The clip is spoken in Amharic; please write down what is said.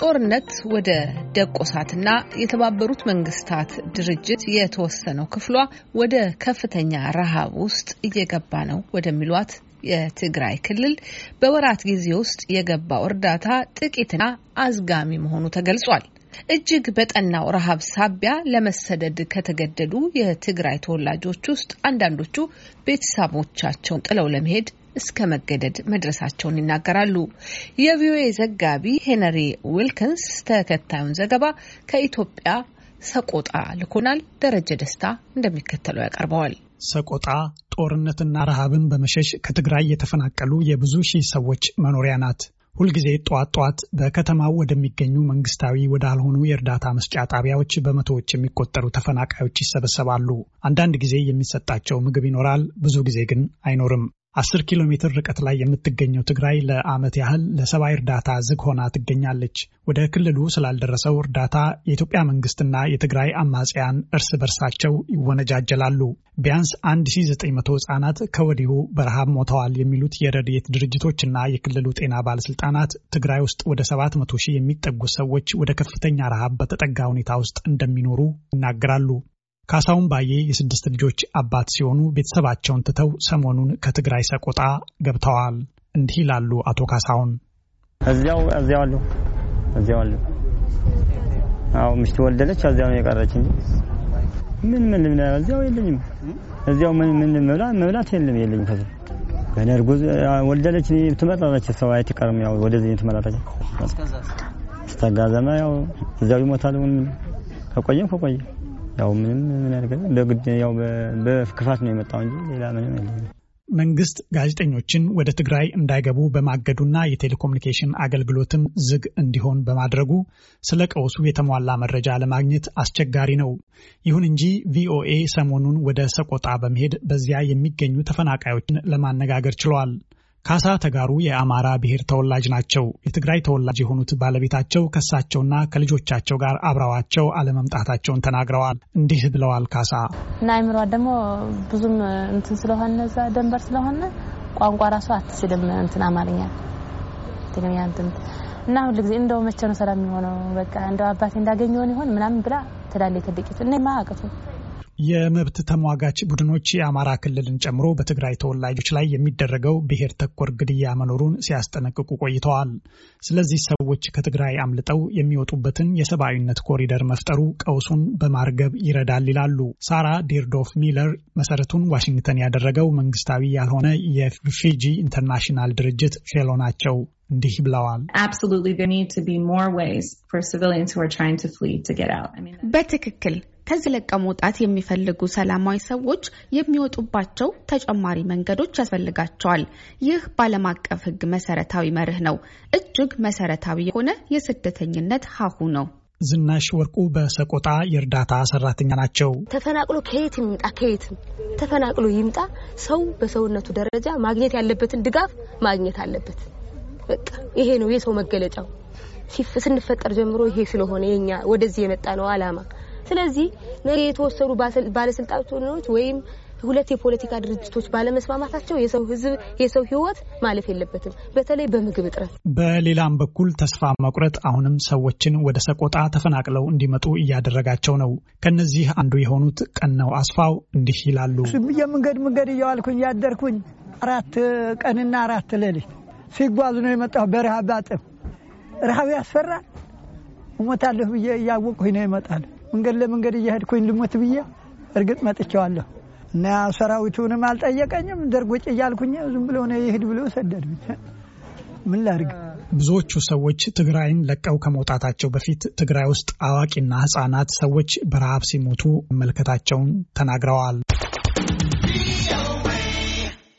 ጦርነት ወደ ደቆሳትና የተባበሩት መንግስታት ድርጅት የተወሰነው ክፍሏ ወደ ከፍተኛ ረሃብ ውስጥ እየገባ ነው ወደሚሏት የትግራይ ክልል በወራት ጊዜ ውስጥ የገባው እርዳታ ጥቂትና አዝጋሚ መሆኑ ተገልጿል። እጅግ በጠናው ረሃብ ሳቢያ ለመሰደድ ከተገደዱ የትግራይ ተወላጆች ውስጥ አንዳንዶቹ ቤተሰቦቻቸውን ጥለው ለመሄድ እስከ መገደድ መድረሳቸውን ይናገራሉ። የቪኦኤ ዘጋቢ ሄነሪ ዊልክንስ ተከታዩን ዘገባ ከኢትዮጵያ ሰቆጣ ልኮናል። ደረጀ ደስታ እንደሚከተለው ያቀርበዋል። ሰቆጣ ጦርነትና ረሃብን በመሸሽ ከትግራይ የተፈናቀሉ የብዙ ሺህ ሰዎች መኖሪያ ናት። ሁልጊዜ ጠዋት ጠዋት በከተማው ወደሚገኙ መንግስታዊ ወዳልሆኑ የእርዳታ መስጫ ጣቢያዎች በመቶዎች የሚቆጠሩ ተፈናቃዮች ይሰበሰባሉ። አንዳንድ ጊዜ የሚሰጣቸው ምግብ ይኖራል፣ ብዙ ጊዜ ግን አይኖርም። አስር ኪሎ ሜትር ርቀት ላይ የምትገኘው ትግራይ ለዓመት ያህል ለሰብአዊ እርዳታ ዝግ ሆና ትገኛለች። ወደ ክልሉ ስላልደረሰው እርዳታ የኢትዮጵያ መንግስትና የትግራይ አማጽያን እርስ በርሳቸው ይወነጃጀላሉ። ቢያንስ 1900 ህጻናት ከወዲሁ በረሃብ ሞተዋል የሚሉት የረድኤት ድርጅቶችና የክልሉ ጤና ባለስልጣናት ትግራይ ውስጥ ወደ 700 ሺህ የሚጠጉ ሰዎች ወደ ከፍተኛ ረሃብ በተጠጋ ሁኔታ ውስጥ እንደሚኖሩ ይናገራሉ። ካሳሁን ባዬ የስድስት ልጆች አባት ሲሆኑ ቤተሰባቸውን ትተው ሰሞኑን ከትግራይ ሰቆጣ ገብተዋል። እንዲህ ይላሉ አቶ ካሳሁን። እዚያው እዚያው አሉ እዚያው አሉ። አዎ ምሽት ወልደለች። እዚያው ነው የቀረች እንጂ ምን ምን ምን እዚያው የለኝም። እዚያው ምን ምን መብላት መብላት የለም የለኝም። ከዚ በነርጉዝ ወልደለች ትመጣለች። ሰው አይትቀርም። ያው ወደዚህ ትመጣለች። እስከዛ ዘማ ያው እዚያው ይሞታል። ከቆየም ከቆየ ያው ምንም ምን ያደርጋል በግድ ያው በክፋት ነው የመጣው እንጂ ሌላ ምንም የለም። መንግስት ጋዜጠኞችን ወደ ትግራይ እንዳይገቡ በማገዱና የቴሌኮሙኒኬሽን አገልግሎትም ዝግ እንዲሆን በማድረጉ ስለ ቀውሱ የተሟላ መረጃ ለማግኘት አስቸጋሪ ነው። ይሁን እንጂ ቪኦኤ ሰሞኑን ወደ ሰቆጣ በመሄድ በዚያ የሚገኙ ተፈናቃዮችን ለማነጋገር ችለዋል። ካሳ ተጋሩ የአማራ ብሔር ተወላጅ ናቸው። የትግራይ ተወላጅ የሆኑት ባለቤታቸው ከሳቸውና ከልጆቻቸው ጋር አብረዋቸው አለመምጣታቸውን ተናግረዋል። እንዲህ ብለዋል። ካሳ እና አይምሯ ደግሞ ብዙም እንትን ስለሆነ እዛ ደንበር ስለሆነ ቋንቋ ራሱ አትችልም። እንትን አማርኛ ትግርኛ እንትን እና ሁሉ ጊዜ እንደው መቼ ነው ሰላም የሚሆነው? በቃ እንደው አባቴ እንዳገኘውን ይሆን ምናምን ብላ ትላለች። ከድቂት እኔ ማያቅቱ የመብት ተሟጋች ቡድኖች የአማራ ክልልን ጨምሮ በትግራይ ተወላጆች ላይ የሚደረገው ብሔር ተኮር ግድያ መኖሩን ሲያስጠነቅቁ ቆይተዋል። ስለዚህ ሰዎች ከትግራይ አምልጠው የሚወጡበትን የሰብአዊነት ኮሪደር መፍጠሩ ቀውሱን በማርገብ ይረዳል ይላሉ። ሳራ ዴርዶፍ ሚለር መሰረቱን ዋሽንግተን ያደረገው መንግስታዊ ያልሆነ የፊጂ ኢንተርናሽናል ድርጅት ፌሎ ናቸው። እንዲህ ብለዋል። በትክክል ከዚህ መውጣት የሚፈልጉ ሰላማዊ ሰዎች የሚወጡባቸው ተጨማሪ መንገዶች ያስፈልጋቸዋል። ይህ በዓለም አቀፍ ሕግ መሰረታዊ መርህ ነው። እጅግ መሰረታዊ የሆነ የስደተኝነት ሀሁ ነው። ዝናሽ ወርቁ በሰቆጣ የእርዳታ ሰራተኛ ናቸው። ተፈናቅሎ ከየት ይምጣ ከየት ተፈናቅሎ ይምጣ ሰው በሰውነቱ ደረጃ ማግኘት ያለበትን ድጋፍ ማግኘት አለበት። በቃ ይሄ ነው የሰው መገለጫው። ስንፈጠር ጀምሮ ይሄ ስለሆነ የኛ ወደዚህ የመጣ ነው አላማ ስለዚህ ነገ የተወሰኑ ባለስልጣኖች ወይም ሁለት የፖለቲካ ድርጅቶች ባለመስማማታቸው የሰው ህዝብ የሰው ህይወት ማለፍ የለበትም። በተለይ በምግብ እጥረት። በሌላም በኩል ተስፋ መቁረጥ አሁንም ሰዎችን ወደ ሰቆጣ ተፈናቅለው እንዲመጡ እያደረጋቸው ነው። ከነዚህ አንዱ የሆኑት ቀነው አስፋው እንዲህ ይላሉ። ብዬ መንገድ መንገድ እየዋልኩኝ ያደርኩኝ አራት ቀንና አራት ሌሊት ሲጓዙ ነው የመጣሁ። በረሃብ አጥም ረሃብ ያስፈራል። እሞታለሁ ብዬ እያወቅሁኝ ነው ይመጣል መንገድ ለመንገድ እየሄድኩኝ ልሞት ብዬ እርግጥ መጥቼዋለሁ እና ሰራዊቱንም አልጠየቀኝም። ደርጎጭ እያልኩኝ ዝም ብሎ ነው ይሄድ ብሎ ሰደዱኝ። ምን ላድርግ? ብዙዎቹ ሰዎች ትግራይን ለቀው ከመውጣታቸው በፊት ትግራይ ውስጥ አዋቂና ሕጻናት ሰዎች በረሃብ ሲሞቱ መመልከታቸውን ተናግረዋል።